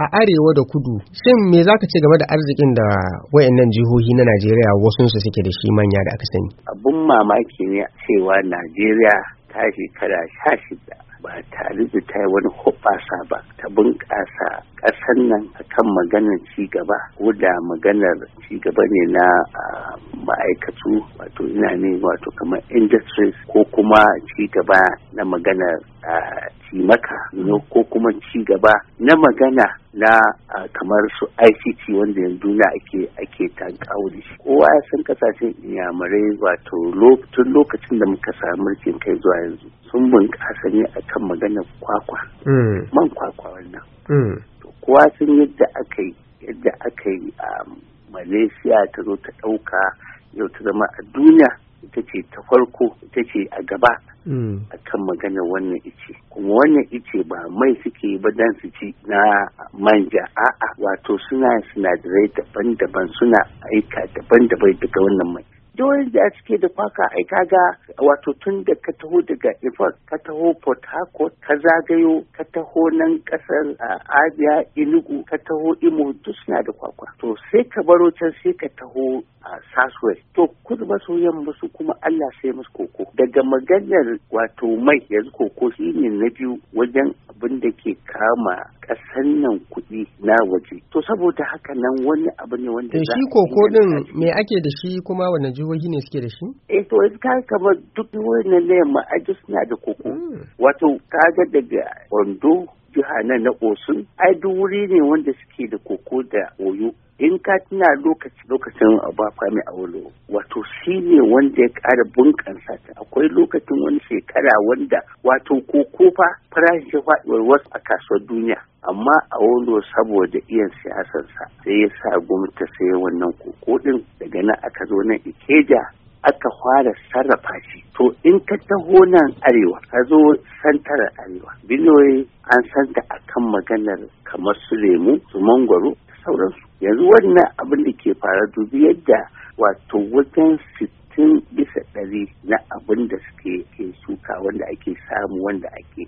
a arewa da kudu shin me za ka ce game da arzikin da wayannan jihohi na Najeriya wasu su suke da shi manya da aka sani abun mamaki ne cewa Najeriya ta shekara sha shida ba tare da ta yi wani hoɓasa ba ta bunƙasa ƙasar nan akan maganar cigaba ko da maganar cigaba ne na ma'aikatu wato ina ne wato kamar industries ko kuma cigaba na maganar cimaka ko kuma cigaba na magana na kamar su ICT wanda yanzu na ake ake tankawo da shi kowa ya san kasashen inyamurai wato tun lokacin da muka samu mulkin kai zuwa yanzu sun bunƙasa ne a kan maganar kwakwa mm. man kwakwa wannan mm. kowa sun yadda aka yi yadda aka yi a um, malaysia ta zo ta ɗauka yau ta zama a duniya ita ce ta farko ita ce a gaba mm. a kan maganar wannan ice kuma wannan ice ba mai suke ba dan su ci na manja a'a wato suna sinadirai daban-daban suna aika daban-daban daga wannan mai doyin da cike da kwaka ai kaga wato tun da ka taho daga Ifor ka taho Port Harcourt ka zagayo ka taho nan kasar Abia Enugu ka taho Imo duk suna da kwakwa to sai ka baro can sai ka taho Saswell to kudu maso yamma su kuma Allah sai musu koko daga maganar wato mai yanzu koko shine na biyu wajen abin da ke kama kasan nan kuɗi na waje to saboda haka nan wani abu ne wanda eh, shi koko din me ake da shi kuma wani jihohi ne suke da shi? Eh to yanzu ka kamar duk wani na yamma a suna da koko. Hmm. Wato kaga daga Ondo jiha nan na osun ai duk wuri ne wanda suke da koko da oyo in ka tuna lokacin lokacin ba kwame awolo wato shi ne wanda ya kara bunƙasa ta akwai lokacin wani shekara wanda wato koko fa farashin shi faɗuwar wasu a kasuwar duniya amma awolo saboda iyan siyasarsa sai ya sa gwamnati sai wannan koko din daga nan aka zo nan ikeja aka fara sarrafa shi to in ka taho nan arewa ka zo santar arewa Binoyi an santa kan maganar kamar su lemu su mangwaro da sauransu yanzu wannan abin da ke fara dubi yadda wato wajen sittin bisa ɗari na abin da suke ke suka wanda ake samu wanda ake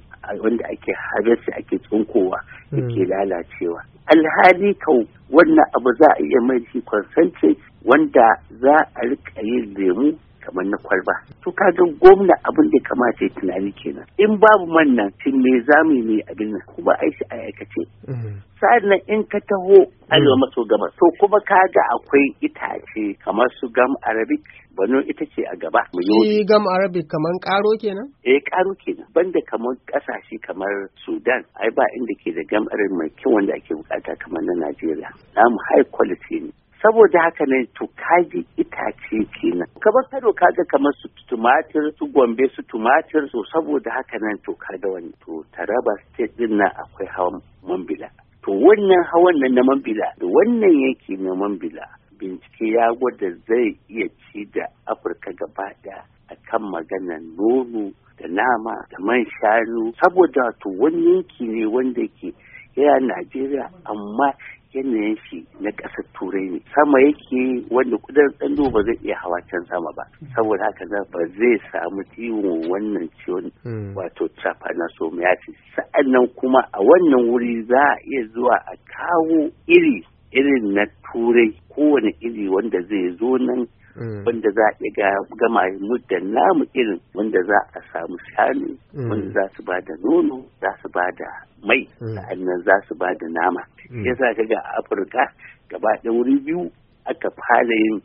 wanda ake hagarci ake tsunkowa hmm. yake lalacewa alhali kau wannan abu za a iya mai shi concentrate wanda za a rika yin lemu kamar na kwalba to ga gwamna abin da kamata ya tunani kenan in babu man nan tun me za mu yi abin nan kuma ai shi a aikace mm-hmm. sa'ad nan in ka taho arewa mm-hmm. maso gabas to kuma kaga akwai itace kamar su gam arabic bano ita ce a gaba shi gam arabic kamar karo kenan eh karo kenan banda kamar kasashe kamar sudan ai ba inda ke da gam arabic mai kyau wanda ake bukata kamar na najeriya namu high quality ne saboda haka ne to kaji itace kenan kamar kado kaga kamar su tumatir su gombe su tumatir so saboda haka nan to kaga wani to taraba state din nan akwai hawan mambila to wannan hawan nan na mambila da wannan yake na mambila bincike ya gwada zai iya ci da afirka gaba A kan magana nono da nama da man shanu saboda to wani yanki ne wanda ke yana najeriya amma yanayin shi na ƙasar turai ne sama yake wanda kudan tsando ba zai iya hawa can sama ba saboda haka za ba zai samu ciwon wannan ciwon hmm. wato trypanosomiasis sa'annan kuma a wannan wuri za a iya zuwa a kawo iri irin na turai kowane iri wanda zai zo nan Mm. wanda za a iya gama da namu irin wanda za a samu shanu mm. wanda za su ba da nono za su ba da mai mm. sa'annan za su ba da nama yasa ka ga afirka gaba da wuri biyu aka fara yin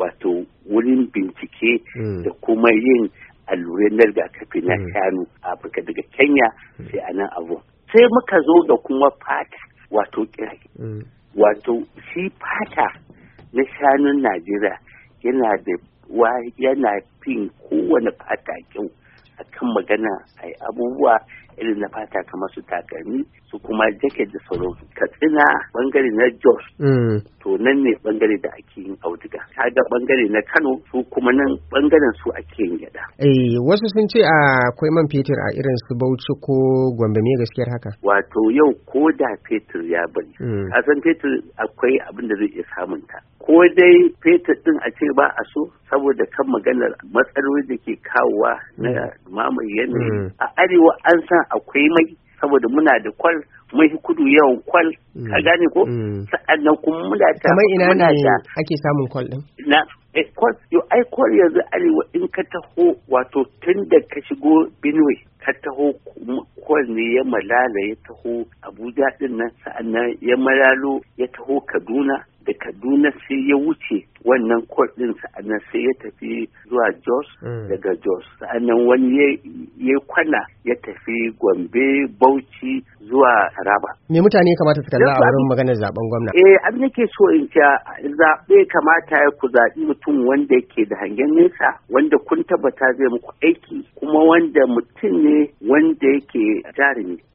wato wurin bincike da kuma yin alluran na rigakafi na shanu a afirka daga kenya sai a nan abu sai muka zo da kuma fata wato kira wato shi fata na shanun najeriya yana da wa yana fin kowane fata kyau akan magana a abubuwa irin na fata kamar su takalmi su kuma jacket da sauransu katsina bangare na jos mm. to nan ne bangare da ake yin auduga kaga bangare na kano su kuma nan bangaren su ake yin gyada eh wasu sun ce akwai man fetur a irin su bauchi ko gombe me gaskiyar haka wato yau ko da fetur ya bari mm. kasan fetur akwai abin da zai iya samun ta. ko dai fetur din a ce ba a so saboda kan maganar matsaloli da ke kawowa na mm. mamaye yanayi a arewa an san nan akwai mai saboda muna da kwal mai kudu yawan kwal mm. ka gane ko mm. na kuma muna ta kamar ina ne ake samun kwal din na eh, kwal yo ai kwal yanzu arewa in ka taho wato tun da ka shigo Benue ka taho kwal ne ya malala ya taho Abuja din nan na ya malalo ya taho Kaduna da kaduna sai ya wuce wannan court din sa'annan sai ya tafi zuwa jos mm. daga jos sa'annan wani ya kwana ya tafi gombe bauchi zuwa raba me mutane kamata su kalla a wurin maganar zaben gwamna eh abin yake so in ce zaɓe kamata ya ku zaɓi mutum wanda yake da hangen nesa wanda kun tabbata zai muku aiki kuma wanda mutum ne wanda yake jarumi